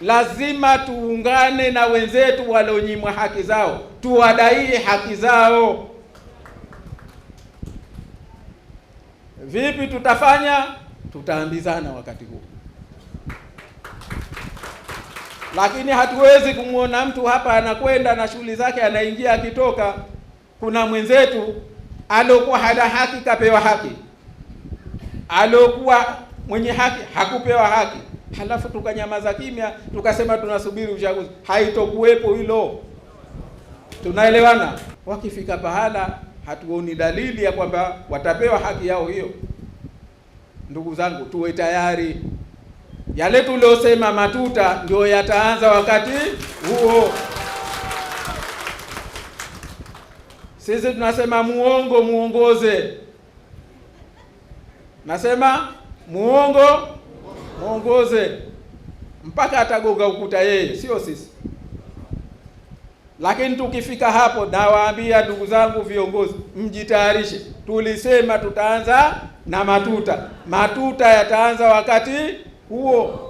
lazima tuungane na wenzetu walionyimwa haki zao, tuwadai haki zao. Vipi tutafanya? Tutaambizana wakati huu, lakini hatuwezi kumwona mtu hapa anakwenda na shughuli zake, anaingia akitoka. Kuna mwenzetu aliokuwa hana haki kapewa haki, aliokuwa mwenye haki hakupewa haki halafu tukanyamaza kimya, tukasema tunasubiri uchaguzi. Haitokuwepo hilo, tunaelewana. Wakifika pahala hatuoni dalili ya kwamba watapewa haki yao hiyo, ndugu zangu, tuwe tayari. Yale tuliosema matuta ndio yataanza wakati huo. Sisi tunasema muongo muongoze, nasema muongo mwongoze mpaka atagonga ukuta yeye, sio sisi. Lakini tukifika hapo, nawaambia ndugu zangu viongozi, mjitayarishe. Tulisema tutaanza na matuta, matuta yataanza wakati huo.